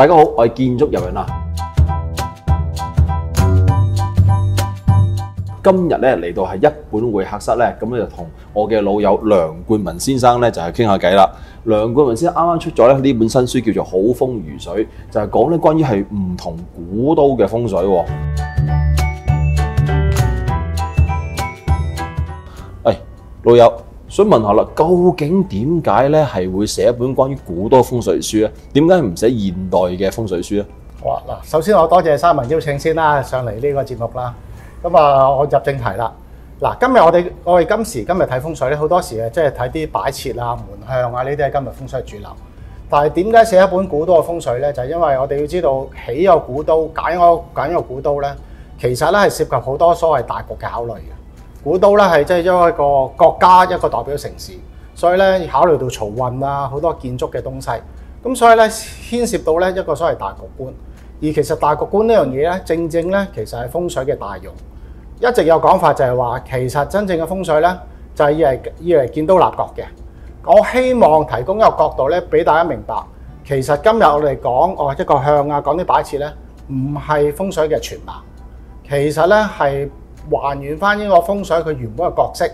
大家好，我係建築遊人啦。今日咧嚟到係一本會客室咧，咁咧就同我嘅老友梁冠文先生咧就係傾下偈啦。梁冠文先生啱啱出咗咧呢本新書，叫做《好風如水》，就係講咧關於係唔同古都嘅風水。誒、哎，老友。想問下啦，究竟點解咧係會寫一本關於古都風水書咧？點解唔寫現代嘅風水書咧？好啊，嗱，首先我多謝三文邀請先啦，上嚟呢個節目啦。咁啊，我入正題啦。嗱，今日我哋我哋今時今日睇風水咧，好多時啊，即係睇啲擺設啊、門向啊，呢啲係今日風水主流。但係點解寫一本古都嘅風水咧？就係因為我哋要知道起個古都、解個解個古都咧，其實咧係涉及好多所謂大局嘅考慮嘅。古都咧係即係一個國家一個代表城市，所以咧考慮到漕運啊，好多建築嘅東西，咁所以咧牽涉到咧一個所謂大局觀，而其實大局觀呢樣嘢咧，正正咧其實係風水嘅大用。一直有講法就係話，其實真正嘅風水咧，就係以嚟以嚟建都立國嘅。我希望提供一個角度咧，俾大家明白，其實今日我哋講哦一個向啊，講啲擺設咧，唔係風水嘅全貌，其實咧係。還原翻呢個風水佢原本嘅角色，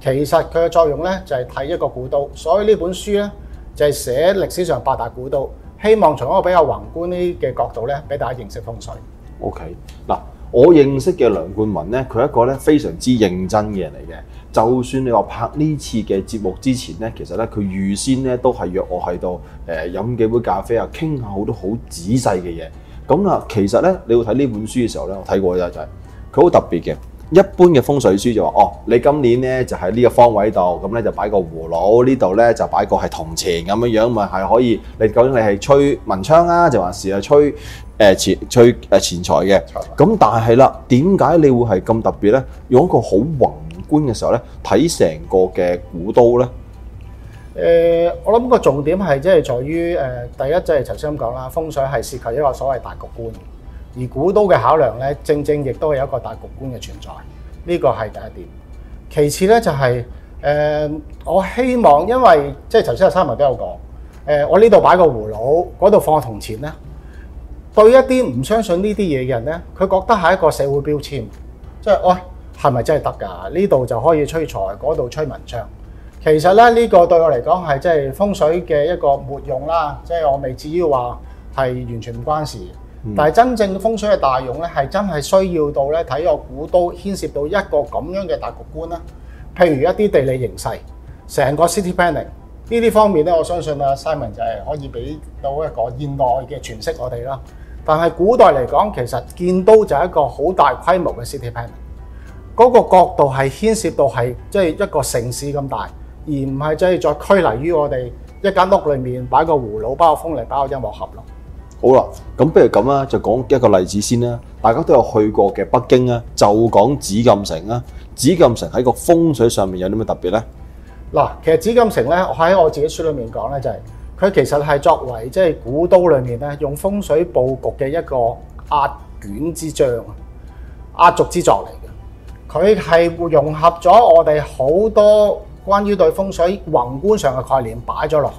其實佢嘅作用呢，就係、是、睇一個古都，所以呢本書呢，就係、是、寫歷史上八大古都，希望從一個比較宏觀啲嘅角度呢，俾大家認識風水。O K. 嗱，我認識嘅梁冠文呢，佢係一個呢非常之認真嘅人嚟嘅，就算你話拍呢次嘅節目之前呢，其實呢，佢預先呢都係約我喺度誒飲幾杯咖啡啊，傾下好多好仔細嘅嘢。咁啊，其實呢，你要睇呢本書嘅時候呢，我睇過一陣。好特別嘅，一般嘅風水書就話：哦，你今年咧就喺呢個方位度，咁咧就擺個葫蘆，呢度咧就擺個係銅錢咁樣樣，咪係可以。你究竟你係吹文昌啊，就還是係吹誒錢、吹誒錢財嘅？咁但係啦，點解你會係咁特別咧？用一個好宏觀嘅時候咧，睇成個嘅古都咧。誒，我諗個重點係即係在於誒，第一即係頭先咁講啦，風水係涉及一個所謂大局觀。而古都嘅考量呢，正正亦都係有一個大局觀嘅存在，呢、這個係第一點。其次呢，就係、是、誒、呃，我希望因為即係頭先阿 Simon 都有講、呃，我呢度擺個葫蘆，嗰度放個銅錢咧，對一啲唔相信呢啲嘢嘅人呢，佢覺得係一個社會標籤，即係喂係咪真係得㗎？呢度就可以催財，嗰度催文昌。其實呢，呢、這個對我嚟講係即係風水嘅一個沒用啦，即係我未至於話係完全唔關事。嗯、但係真正嘅風水嘅大用咧，係真係需要到咧睇個古都，牽涉到一個咁樣嘅大局觀啦。譬如一啲地理形勢、成個 city planning 呢啲方面咧，我相信阿、啊、Simon 就係可以俾到一個現代嘅詮釋我哋啦。但係古代嚟講，其實建都就係一個好大規模嘅 city planning，嗰個角度係牽涉到係即係一個城市咁大，而唔係即係再拘泥於我哋一間屋裡面擺個葫蘆包風嚟包個音樂盒咯。好啦，咁不如咁啦，就講一個例子先啦。大家都有去過嘅北京啊，就講紫禁城啊。紫禁城喺個風水上面有啲咩特別呢？嗱，其實紫禁城咧，我喺我自己書裡面講咧、就是，就係佢其實係作為即係古都裡面咧，用風水布局嘅一個壓卷之章啊，壓軸之作嚟嘅。佢係融合咗我哋好多關於對風水宏觀上嘅概念擺咗落去。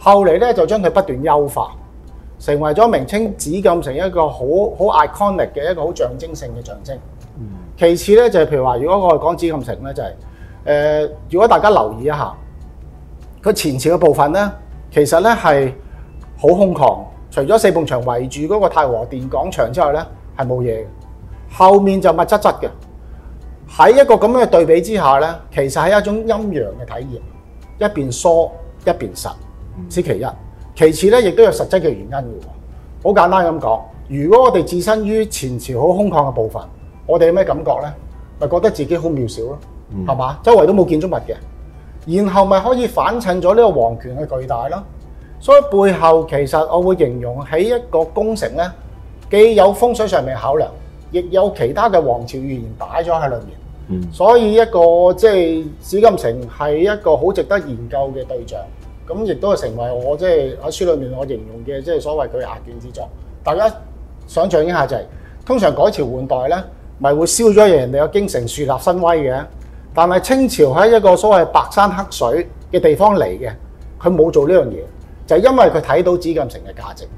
後嚟咧就將佢不斷優化，成為咗明清紫禁城一個好好 iconic 嘅一個好象徵性嘅象徵。嗯、其次咧就係、是、譬如話，如果我哋講紫禁城咧，就係、是呃、如果大家留意一下佢前朝嘅部分咧，其實咧係好空曠，除咗四埲牆圍住嗰個太和殿廣場之外咧，係冇嘢嘅。後面就密質質嘅。喺一個咁樣嘅對比之下咧，其實係一種陰陽嘅體驗，一邊疏一邊實。此其一，其次咧亦都有實質嘅原因嘅。好簡單咁講，如果我哋置身於前朝好空曠嘅部分，我哋有咩感覺呢？咪覺得自己好渺小咯，係嘛、嗯？周圍都冇建築物嘅，然後咪可以反襯咗呢個皇權嘅巨大咯。所以背後其實我會形容喺一個宮城呢，既有風水上面考量，亦有其他嘅皇朝語言擺咗喺裏面。嗯、所以一個即係紫禁城係一個好值得研究嘅對象。咁亦都係成為我即係喺書裏面我形容嘅即係所謂佢壓軸之作。大家想象一下就係，通常改朝換代咧，咪會燒咗人哋嘅京城樹立新威嘅。但係清朝喺一個所謂白山黑水嘅地方嚟嘅，佢冇做呢樣嘢，就係因為佢睇到紫禁城嘅價值，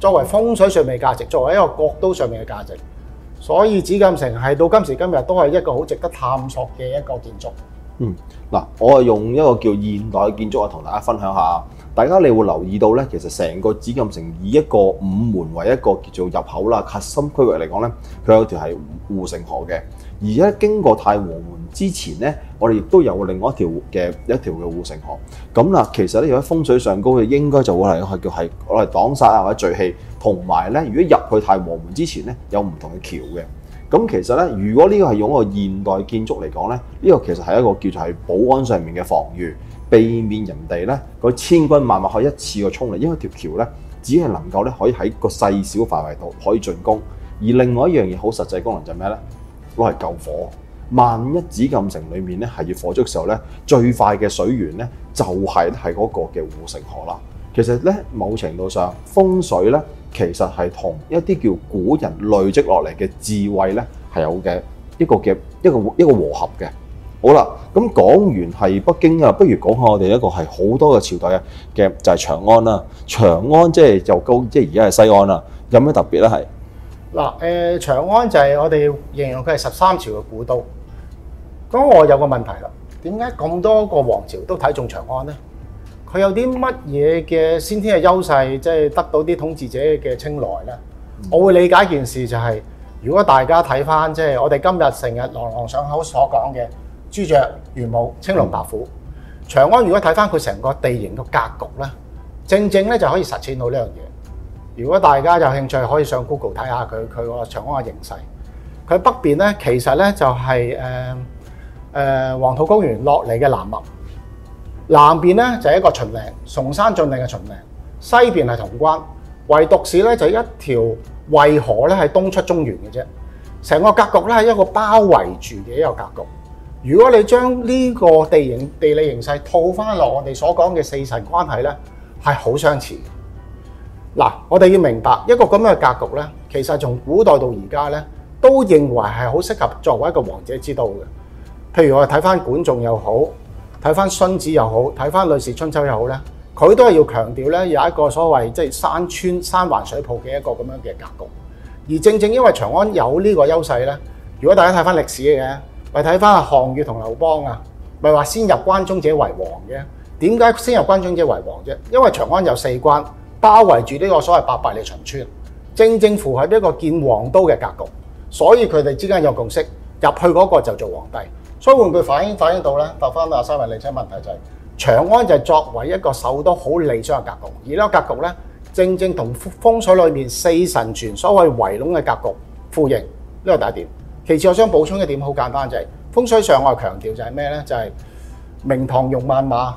作為風水上面嘅價值，作為一個國都上面嘅價值，所以紫禁城係到今時今日都係一個好值得探索嘅一個建築。嗯，嗱，我啊用一個叫現代嘅建築啊，同大家分享一下。大家你會留意到咧，其實成個紫禁城以一個午門為一個叫做入口啦，核心區域嚟講咧，佢有一條係護城河嘅。而咧經過太和門之前咧，我哋亦都有另外一條嘅一條嘅護城河。咁嗱，其實咧，如果風水上高嘅，應該就會係叫係攞嚟擋煞啊，或者聚氣。同埋咧，如果入去太和門之前咧，有唔同嘅橋嘅。咁其實咧，如果呢個係用一個現代建築嚟講咧，呢、這個其實係一個叫做係保安上面嘅防禦，避免人哋咧個千軍萬馬可以一次過衝嚟，因為條橋咧只係能夠咧可以喺個細小範圍度可以進攻。而另外一樣嘢好實際功能就係咩咧？攞嚟救火。萬一紫禁城裡面咧係要火燭嘅時候咧，最快嘅水源咧就係喺嗰個嘅護城河啦。其實咧某程度上風水咧。其實係同一啲叫古人累積落嚟嘅智慧咧，係有嘅一個嘅一個一個和合嘅。好啦，咁講完係北京啊，不如講下我哋一個係好多嘅朝代嘅嘅就係長安啦。長安即係就夠，即係而家係西安啦。有咩特別咧？係嗱誒，長安就係我哋形容佢係十三朝嘅古都。咁我有個問題啦，點解咁多個王朝都睇中長安咧？佢有啲乜嘢嘅先天嘅優勢，即係得到啲統治者嘅青睞咧？嗯、我會理解一件事就係、是，如果大家睇翻即係我哋今日成日朗朗上口所講嘅朱雀、玄武、青龍白虎、嗯、長安，如果睇翻佢成個地形個格局咧，正正咧就可以實踐到呢樣嘢。如果大家有興趣，可以上 Google 睇下佢佢個長安嘅形勢。佢北邊咧，其實咧就係誒誒黃土高原落嚟嘅南脈。南邊呢就係一個秦嶺，崇山峻嶺嘅秦嶺；西邊係潼關，唯獨是呢就一條渭河呢，係東出中原嘅啫。成個格局呢係一個包圍住嘅一個格局。如果你將呢個地形，地理形勢套翻落我哋所講嘅四神關係呢，係好相似的。嗱，我哋要明白一個咁樣嘅格局呢，其實從古代到而家呢，都認為係好適合作為一個王者之道嘅。譬如我哋睇翻管仲又好。睇翻《荀子》又好，睇翻《呂氏春秋》又好呢，佢都係要強調呢有一個所謂即係山川山環水抱嘅一個咁樣嘅格局。而正正因為長安有呢個優勢呢，如果大家睇翻歷史嘅，咪睇翻係項羽同劉邦啊，咪話先入關中者為王嘅。點解先入關中者為王啫？因為長安有四關包圍住呢個所謂八百,百里秦川，正正符合呢個建皇都嘅格局，所以佢哋之間有共識，入去嗰個就做皇帝。所以換句反映反映到咧，答翻阿 Simon 你，即係問題就係長安就係作為一個首都好理想嘅格局，而呢個格局咧正正同風水裏面四神傳所謂圍籠嘅格局呼應。呢個第一點。其次我想補充一點好簡單就係風水上我強調就係咩咧？就係明堂容萬馬，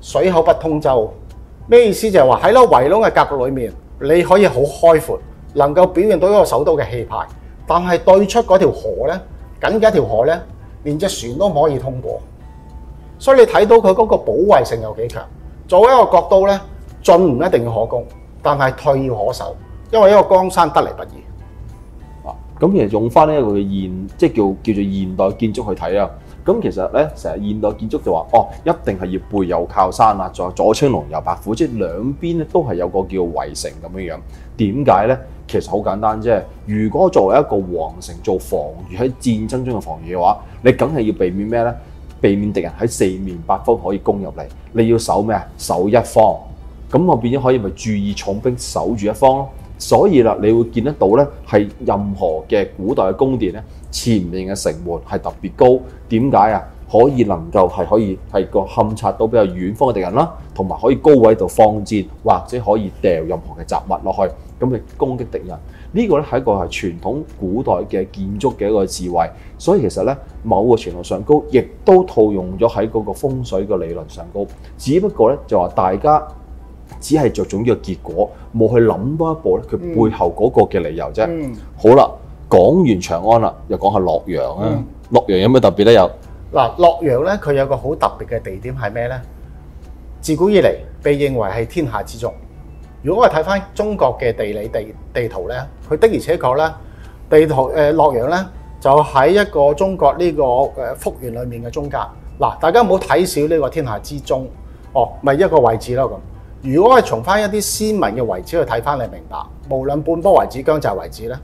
水口不通舟。咩意思？就係話喺呢個圍籠嘅格局裏面，你可以好開闊，能夠表現到一個首都嘅氣派，但係對出嗰條河咧，僅僅一條河咧。連隻船都唔可以通過，所以你睇到佢嗰個保衞性有幾強。作為一個國都咧，進唔一定要可攻，但係退要可守，因為一個江山得嚟不易。啊，咁其實用翻呢一個現即係叫叫做現代建築去睇啊。咁其實咧，成日現代建築就話哦，一定係要背有靠山啦，再左青龍右白虎，即係兩邊咧都係有個叫圍城咁樣樣。點解咧？其實好簡單啫。如果作為一個皇城做防禦喺戰爭中嘅防禦嘅話，你梗係要避免咩咧？避免敵人喺四面八方可以攻入嚟，你要守咩啊？守一方，咁我變咗可以咪注意重兵守住一方咯？所以啦，你會見得到呢，係任何嘅古代嘅宮殿呢，前面嘅城門係特別高。點解啊？可以能夠係可以係個冚察到比較遠方嘅敵人啦，同埋可以高位度放箭，或者可以掉任何嘅雜物落去，咁去攻擊敵人。呢、這個呢係一個係傳統古代嘅建築嘅一個智慧。所以其實呢，某個程度上高，亦都套用咗喺嗰個風水嘅理論上高。只不過呢，就話大家。只係着重呢個結果，冇去諗多一步咧。佢背後嗰個嘅理由啫。嗯、好啦，講完長安啦，又講下洛陽啊。嗯、洛陽有咩特別咧？有嗱，洛陽咧，佢有個好特別嘅地點係咩咧？自古以嚟被認為係天下之中。如果我哋睇翻中國嘅地理地地圖咧，佢的而且確咧地圖，誒洛陽咧就喺一個中國呢個誒幅員裡面嘅中間嗱。大家唔好睇小呢個天下之中哦，咪一個位置咯咁。如果係從翻一啲先民嘅遺址去睇翻，你明白，無論半坡遺址、姜寨遺址咧，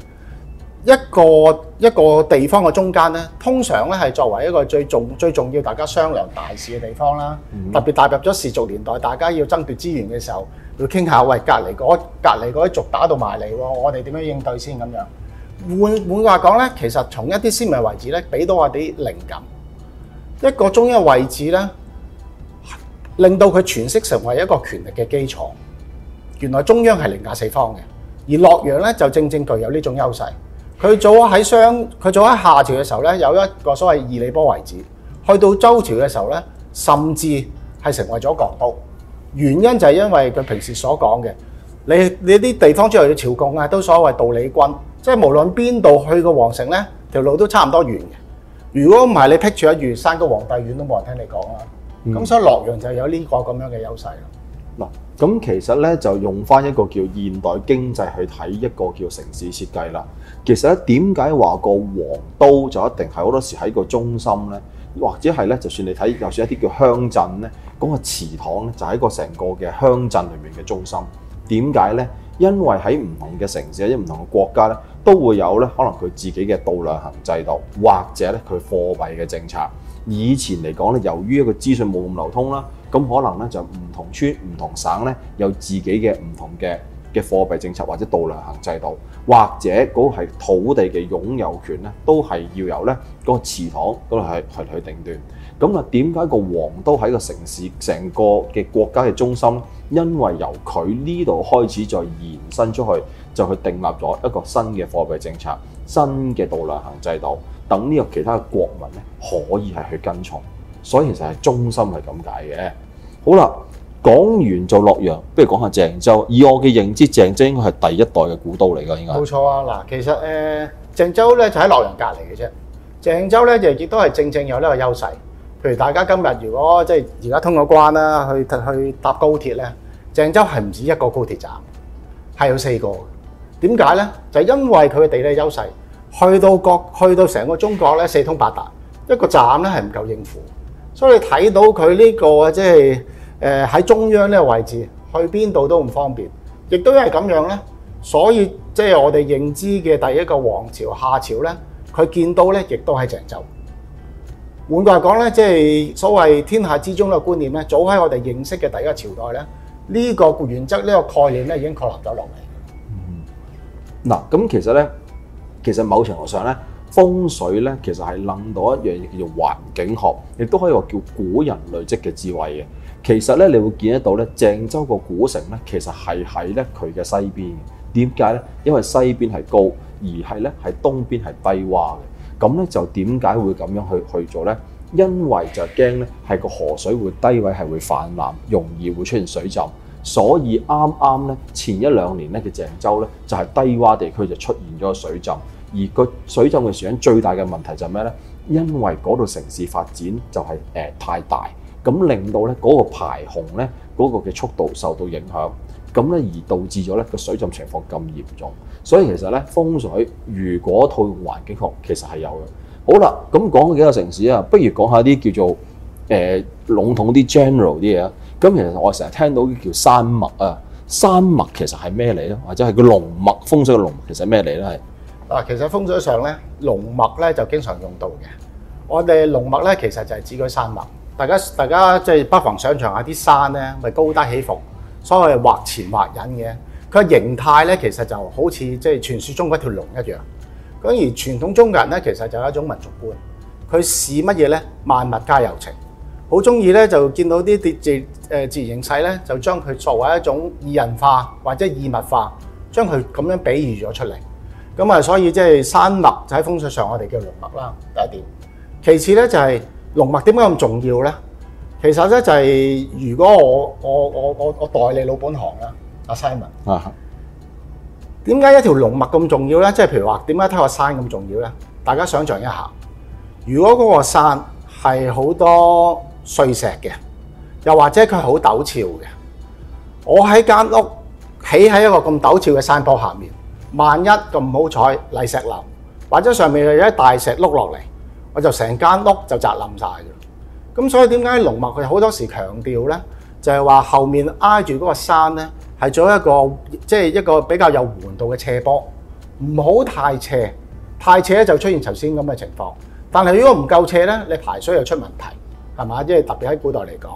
一個一個地方嘅中間咧，通常咧係作為一個最重最重要大家商量大事嘅地方啦。特別踏入咗氏族年代，大家要爭奪資源嘅時候，要傾下，喂，隔離嗰隔離嗰啲族打到埋嚟喎，我哋點樣應對先咁樣？換換句話講咧，其實從一啲先民遺址咧，俾到我哋靈感。一個中央位置咧。令到佢全息成為一個權力嘅基礎。原來中央係凌駕四方嘅，而洛陽咧就正正具有呢種優勢。佢早喺商，佢早喺夏朝嘅時候咧有一個所謂二里頭位置，去到周朝嘅時候咧甚至係成為咗國都。原因就係因為佢平時所講嘅，你你啲地方出嚟嘅朝貢啊，都所謂道里均，即係無論邊度去個皇城咧條路都差唔多遠。如果唔係你僻處一隅，山高皇帝遠都冇人聽你講啊！咁所以洛陽就有呢個咁樣嘅優勢啦。嗱、嗯，咁其實咧就用翻一個叫現代經濟去睇一個叫城市設計啦。其實咧點解話個王都就一定係好多時喺個中心咧，或者係咧就算你睇就算一啲叫鄉鎮咧，嗰、那個祠堂咧就喺個成個嘅鄉鎮裏面嘅中心。點解咧？因為喺唔同嘅城市，一啲唔同嘅國家咧，都會有咧可能佢自己嘅度量衡制度，或者咧佢貨幣嘅政策。以前嚟講咧，由於一個資訊冇咁流通啦，咁可能咧就唔同村、唔同省咧有自己嘅唔同嘅嘅貨幣政策或者度量衡制度，或者嗰個係土地嘅擁有權咧都係要由咧個祠堂嗰度去去去定奪。咁啊，點解個王都喺個城市成個嘅國家嘅中心，因為由佢呢度開始再延伸出去，就去訂立咗一個新嘅貨幣政策、新嘅度量衡制度。等呢個其他嘅國民咧，可以係去跟從，所以其實係中心係咁解嘅。好啦，講完就洛陽，不如講下鄭州。以我嘅認知，鄭州應該係第一代嘅古都嚟㗎，應該。冇錯啊！嗱，其實誒，鄭州咧就喺洛陽隔離嘅啫。鄭州咧就亦都係正正有呢個優勢。譬如大家今日如果即係而家通過關啦，去去搭高鐵咧，鄭州係唔止一個高鐵站，係有四個。點解咧？就係因為佢嘅地理優勢。去到各，去到成個中國咧，四通八達，一個站咧係唔夠應付，所以你睇到佢呢、這個即係誒喺中央呢個位置，去邊度都唔方便，亦都係咁樣咧。所以即係、就是、我哋認知嘅第一個王朝夏朝咧，佢建都咧，亦都喺鄭州。換句話講咧，即、就、係、是、所謂天下之中的觀念咧，早喺我哋認識嘅第一個朝代咧，呢、這個原則、呢個概念咧已經確立咗落嚟。嗱、嗯，咁其實咧。其實某程度上咧，風水咧其實係諗到一樣嘢叫做環境學，亦都可以話叫古人累積嘅智慧嘅。其實咧，你會見得到咧，鄭州個古城咧，其實係喺咧佢嘅西邊嘅。點解咧？因為西邊係高，而係咧係東邊係低窪嘅。咁咧就點解會咁樣去去做咧？因為就驚咧係個河水會低位係會泛濫，容易會出現水浸。所以啱啱咧，前一兩年咧，嘅鄭州咧就係低窪地區就出現咗水浸，而個水浸嘅時間最大嘅問題就係咩咧？因為嗰度城市發展就係誒太大，咁令到咧嗰個排洪咧嗰個嘅速度受到影響，咁咧而導致咗咧個水浸情況咁嚴重。所以其實咧風水如果套用環境學，其實係有嘅。好啦，咁講幾個城市啊，不如講下啲叫做誒籠統啲 general 啲嘢啊。咁其實我成日聽到叫山脈啊，山脈其實係咩嚟咧？或者係個龍脈，風水嘅龍脈其實咩嚟咧？係啊，其實風水上咧，龍脈咧就經常用到嘅。我哋龍脈咧其實就係指嗰啲山脈。大家大家即係不妨想象下啲山咧，咪高低起伏，所謂畫前畫隱嘅，佢形態咧其實就好似即係傳説中嗰條龍一樣。咁而傳統中國人咧其實就係一種民族觀，佢視乜嘢咧？萬物皆有情。好中意咧，就見到啲自字、呃、自然形勢咧，就將佢作為一種擬人化或者擬物化，將佢咁樣比喻咗出嚟。咁啊，所以即係山脈就喺風水上，我哋叫龍脈啦。第一點，其次咧就係、是、龍脈點解咁重要咧？其實咧就係、是、如果我我我我我代理老本行啦，阿 Simon 啊，點解一條龍脈咁重要咧？即、就、係、是、譬如話，點解睇個山咁重要咧？大家想象一下，如果嗰個山係好多～碎石嘅，又或者佢好陡峭嘅。我喺間屋起喺一個咁陡峭嘅山坡下面，萬一咁唔好彩泥石流，或者上面有一大石碌落嚟，我就成間屋就砸冧曬。咁所以點解龍脈佢好多時強調咧，就係話後面挨住嗰個山咧，係做一個即係一個比較有緩度嘅斜坡，唔好太斜。太斜就出現頭先咁嘅情況。但係如果唔夠斜咧，你排水又出問題。係嘛？即係特別喺古代嚟講，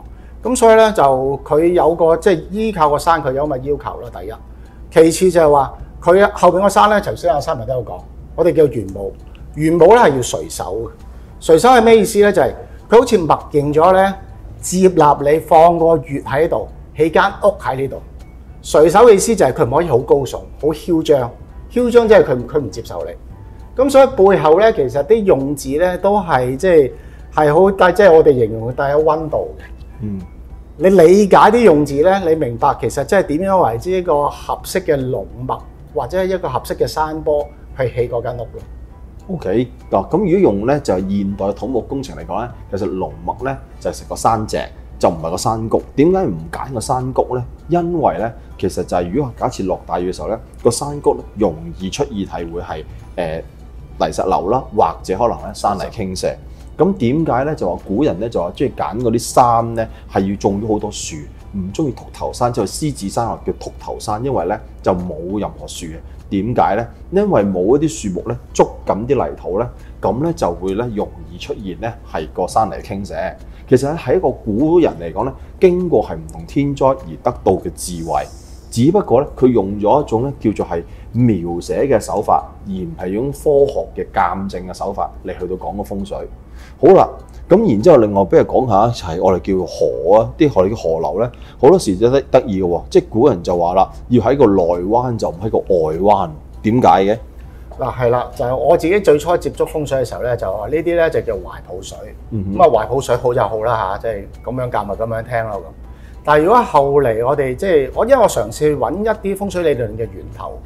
咁所以咧就佢有個即係依靠個山，佢有咁嘅要求咯。第一，其次就係話佢後邊個山咧，頭先阿 Sim 咪都有講，我哋叫玄武，玄武咧係要垂手嘅。垂手係咩意思咧？就係佢好似默認咗咧，接納你放個月喺度，起間屋喺呢度。垂手嘅意思就係佢唔可以好高聳，好囂張，囂張即係佢佢唔接受你。咁所以背後咧，其實啲用字咧都係即係。係好，但係即係我哋形容帶有温度嘅。嗯，你理解啲用字咧，你明白其實即係點樣為之一個合適嘅龍脈，或者係一個合適嘅山坡去起嗰間屋咯。OK。嗱，咁如果用咧就係現代土木工程嚟講咧，其實龍脈咧就係成個山脊，就唔係個山谷。點解唔揀個山谷咧？因為咧，其實就係如果假設落大雨嘅時候咧，個山谷咧容易出異態，會係誒泥石流啦，或者可能咧山泥傾瀉。咁點解咧？就話古人咧就話中意揀嗰啲山咧，係要種咗好多樹，唔中意禿頭山，就係獅子山話叫禿頭山，因為咧就冇任何樹嘅。點解咧？因為冇一啲樹木咧，捉緊啲泥土咧，咁咧就會咧容易出現咧係個山泥傾瀉。其實咧喺一個古人嚟講咧，經過係唔同天災而得到嘅智慧，只不過咧佢用咗一種咧叫做係描寫嘅手法，而唔係用科學嘅鑑證嘅手法嚟去到講個風水。好啦，咁然之後，另外俾佢講下，就係我哋叫河啊，啲河啲河流咧，好多時都得意嘅喎。即係古人就話啦，要喺個內灣就唔喺個外灣，點解嘅？嗱，係啦，就係、是、我自己最初接觸風水嘅時候咧，就話呢啲咧就叫懷抱水。咁啊、嗯哼，懷抱水好就好啦吓，即係咁樣夾埋咁樣聽咯咁。但係如果後嚟我哋即係我因為我嘗試揾一啲風水理論嘅源頭，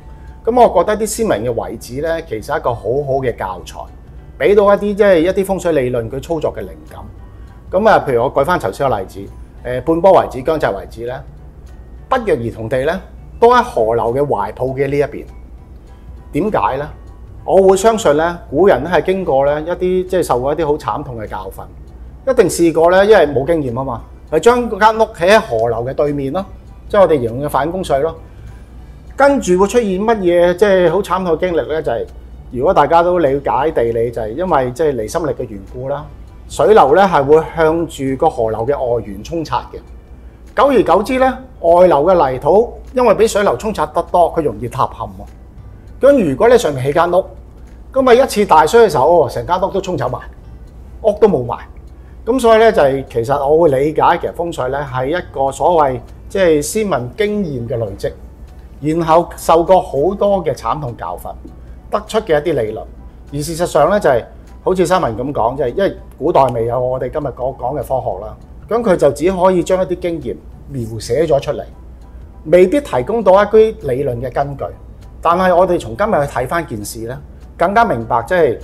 咁我覺得啲先民嘅位置咧，其實一個好好嘅教材。俾到一啲即係一啲風水理論，佢操作嘅靈感。咁啊，譬如我舉翻頭先個例子，誒半坡遺址、姜寨遺址咧，不約而同地咧，都喺河流嘅懷抱嘅呢一邊。點解咧？我會相信咧，古人咧係經過咧一啲即係受過一啲好慘痛嘅教訓，一定試過咧，因為冇經驗啊嘛，係將嗰間屋起喺河流嘅對面咯，即係我哋形容嘅反弓水咯。跟住會出現乜嘢即係好慘痛嘅經歷咧，就係。如果大家都了解地理，就係因為即係離心力嘅緣故啦。水流咧係會向住個河流嘅外緣沖刷嘅。久而久之咧，外流嘅泥土因為俾水流沖刷得多，佢容易塌陷喎。咁如果咧上面起間屋，咁啊一次大水嘅時候，成間屋都沖走埋，屋都冇埋。咁所以咧就係其實我會理解其實風水咧係一個所謂即係先民經驗嘅累積，然後受過好多嘅慘痛教訓。得出嘅一啲理論，而事實上咧就係好似新聞咁講，就係因為古代未有我哋今日講講嘅科學啦，咁佢就只可以將一啲經驗描寫咗出嚟，未必提供到一啲理論嘅根據。但係我哋從今日去睇翻件事咧，更加明白即係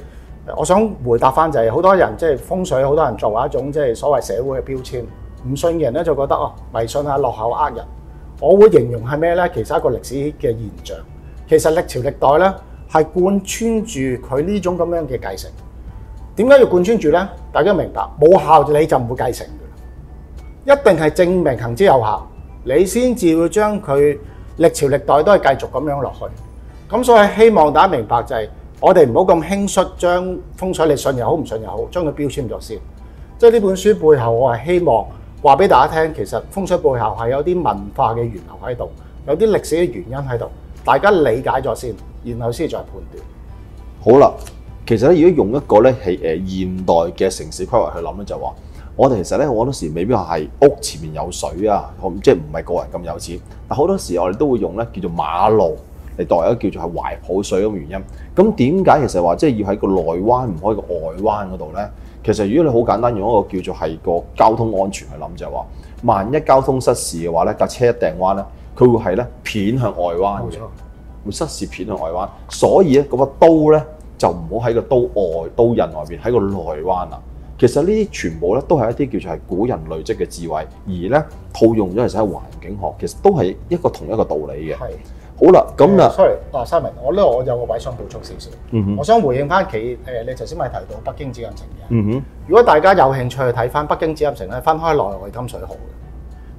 我想回答翻就係好多人即係風水，好多人做一種即係所謂社會嘅標籤，唔信嘅人咧就覺得哦迷信啊，落後呃人。我會形容係咩咧？其實一個歷史嘅現象，其實歷朝歷代咧。係貫穿住佢呢種咁樣嘅繼承，點解要貫穿住呢？大家明白，冇效你就唔會繼承嘅，一定係證明行之有效，你先至會將佢歷朝歷代都係繼續咁樣落去。咁所以希望大家明白就係，我哋唔好咁輕率將風水你信又好唔信又好，將佢標籤咗先。即係呢本書背後，我係希望話俾大家聽，其實風水背後係有啲文化嘅源流喺度，有啲歷史嘅原因喺度。大家理解咗先，然後先再判斷。好啦，其實咧，如果用一個咧係現代嘅城市規劃去諗咧，就係話我哋其實咧好多時未必係屋前面有水啊，即係唔係個人咁有錢。但好多時我哋都會用咧叫做馬路嚟代一個叫做係懷抱水咁原因。咁點解其實話即係要喺個內灣唔開個外灣嗰度咧？其實如果你好簡單用一個叫做係個交通安全去諗就係話，萬一交通失事嘅話咧，架車一掟彎咧。佢會係咧，片向外彎嘅，會塞蝕片向外彎，所以咧嗰個刀咧就唔好喺個刀外刀刃外邊，喺個內彎啊。其實呢啲全部咧都係一啲叫做係古人累積嘅智慧，而咧套用咗其實喺環境學，其實都係一個同一個道理嘅。係的，好啦，咁啦、呃、，sorry，阿 Simon，我我有個位想補充少少，嗯、哼我想回應翻佢誒，你頭先咪提到北京紫禁城嘅，嗯哼，如果大家有興趣去睇翻北京紫禁城咧，分開內外金水河嘅。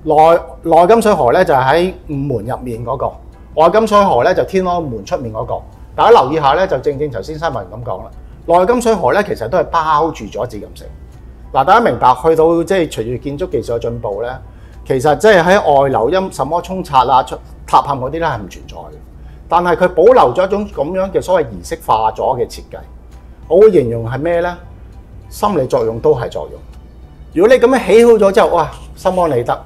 內內金水河咧就係喺午門入面嗰個，外金水河咧就天安門出面嗰個。大家留意下咧，就正正頭先 Simon 咁講啦。內金水河咧其實都係包住咗紫禁城。嗱，大家明白去到即係隨住建築技術嘅進步咧，其實即係喺外流音什麼沖刷啊、出塌陷嗰啲咧係唔存在嘅。但係佢保留咗一種咁樣嘅所謂儀式化咗嘅設計。我會形容係咩咧？心理作用都係作用。如果你咁樣起好咗之後，哇，心安理得。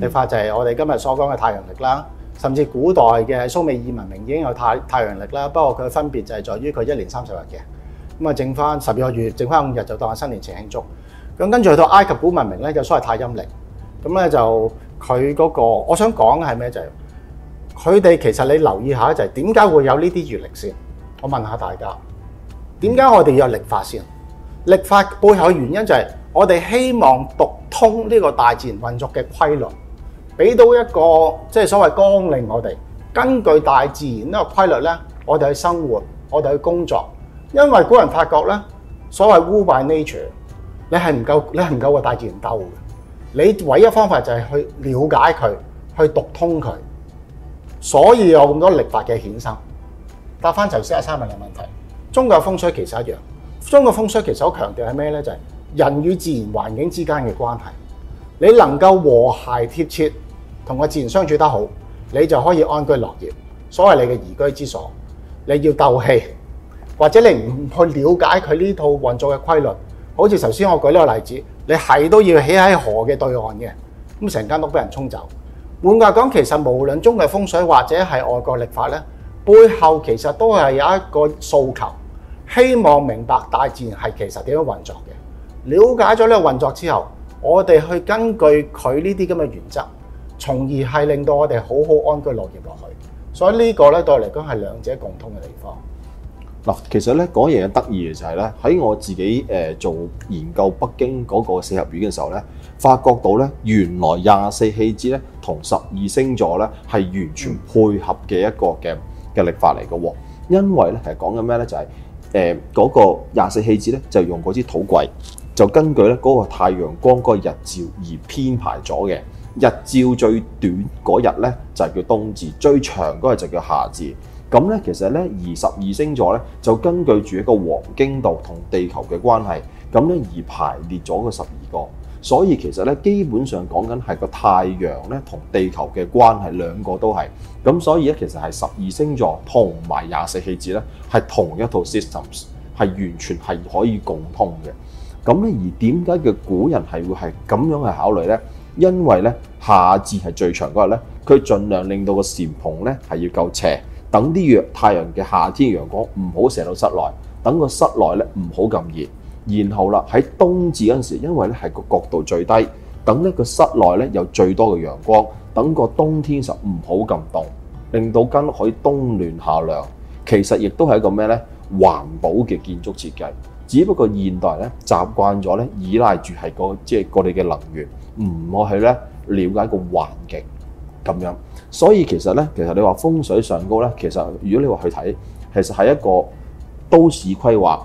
歷法就係我哋今日所講嘅太陽歷啦，甚至古代嘅蘇美爾文明已經有太太陽歷啦，不過佢嘅分別就係在於佢一年三十日嘅，咁啊剩翻十二個月，剩翻五日就當新年前慶祝。咁跟住去到埃及古文明咧，就所謂太陰歷，咁咧就佢嗰個我想講嘅係咩就係，佢哋其實你留意下就係點解會有呢啲月曆先，我問下大家，點解我哋要有歷法先？曆法背後嘅原因就係我哋希望讀通呢個大自然運作嘅規律，俾到一個即係所謂綱領令我哋，根據大自然呢個規律咧，我哋去生活，我哋去工作。因為古人發覺咧，所謂污敗 nature，你係唔夠，你係唔夠個大自然鬥嘅，你唯一方法就係去了解佢，去讀通佢。所以有咁多曆法嘅衍生，回答翻頭先阿三問嘅問題，宗教風水其實一樣。中國風水其實好強調係咩呢？就係、是、人與自然環境之間嘅關係。你能夠和諧貼切同我自然相處得好，你就可以安居樂業，所謂你嘅宜居之所。你要鬥氣，或者你唔去了解佢呢套運作嘅規律，好似頭先我舉呢個例子，你係都要起喺河嘅對岸嘅，咁成間屋俾人沖走。換句講，其實無論中國風水或者係外國曆法呢，背後其實都係有一個訴求。希望明白大自然係其實點樣運作嘅。了解咗呢個運作之後，我哋去根據佢呢啲咁嘅原則，從而係令到我哋好好安居樂業落去。所以呢個咧對我嚟講係兩者共通嘅地方嗱。其實咧講嘢得意嘅就係咧，喺我自己誒做研究北京嗰個四合院嘅時候咧，發覺到咧原來廿四氣節咧同十二星座咧係完全配合嘅一個嘅嘅曆法嚟嘅喎。因為咧其實講緊咩咧就係、是。誒嗰、嗯那個廿四氣節咧，就用嗰支土圭就根據咧嗰個太陽光嗰個日照而編排咗嘅。日照最短嗰日咧，就係叫冬至；最長嗰日就叫夏至。咁咧，其實咧，而十二星座咧，就根據住一個黃經度同地球嘅關係，咁咧而排列咗個十二個。所以其實咧，基本上講緊係個太陽咧同地球嘅關係，兩個都係咁，所以咧其實係十二星座同埋廿四氣節咧，係同一套 systems，係完全係可以共通嘅。咁咧而點解嘅古人係會係咁樣去考慮咧？因為咧夏至係最長嗰日咧，佢盡量令到個簷篷咧係要夠斜，等啲陽太陽嘅夏天陽光唔好射到室內，等個室內咧唔好咁熱。然後啦，喺冬至嗰陣時，因為咧係個角度最低，等咧個室內咧有最多嘅陽光，等個冬天時唔好咁凍，令到間屋可以冬暖夏涼。其實亦都係一個咩咧？環保嘅建築設計，只不過現代咧習慣咗咧，依賴住係個即係我哋嘅能源，唔去咧了解個環境咁樣。所以其實咧，其實你話風水上高咧，其實如果你話去睇，其實係一個都市規劃。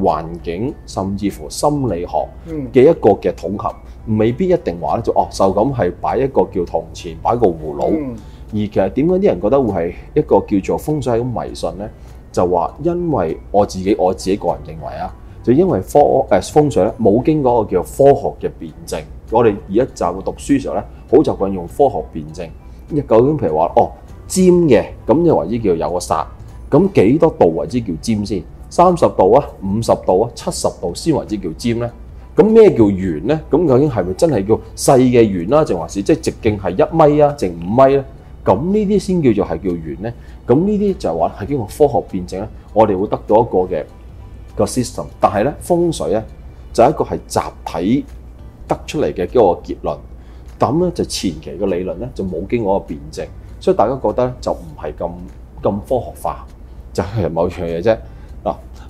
環境甚至乎心理學嘅一個嘅統合，未必一定話咧就哦就咁係擺一個叫銅錢，擺個葫蘆。嗯、而其實點解啲人覺得會係一個叫做風水嘅迷信咧？就話因為我自己我自己個人認為啊，就因為科誒、呃、風水咧冇經過一個叫科學嘅辯證。我哋而家就讀書時候咧，好習慣用科學辯證。究竟譬如話哦尖嘅咁就為之叫有個煞，咁幾多度為之叫尖先？三十度啊，五十度啊，七十度先為之叫尖咧。咁咩叫圓咧？咁究竟係咪真係叫細嘅圓啦？淨話是即係直徑係一米啊，定五米咧。咁呢啲先叫做係叫圓咧。咁呢啲就話係經過科學辯證咧，我哋會得到一個嘅個 system。但係咧，風水咧就是、一個係集體得出嚟嘅一個結論。咁咧就前期嘅理論咧就冇經過個辯證，所以大家覺得咧就唔係咁咁科學化，就係、是、某樣嘢啫。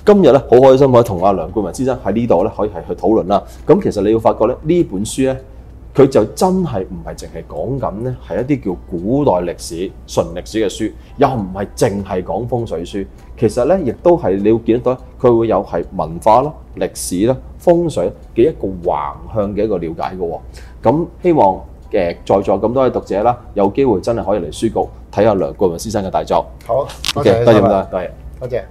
今日咧好開心可以同阿梁冠文先生喺呢度咧可以係去討論啦。咁其實你會發覺咧呢本書咧佢就真係唔係淨係講緊咧係一啲叫古代歷史、純歷史嘅書，又唔係淨係講風水書。其實咧亦都係你會見得到佢會有係文化咯、歷史啦、風水嘅一個橫向嘅一個了解嘅。咁希望嘅在座咁多位讀者啦，有機會真係可以嚟書局睇下梁冠文先生嘅大作。好，OK，多謝，多謝多謝，多謝，多謝。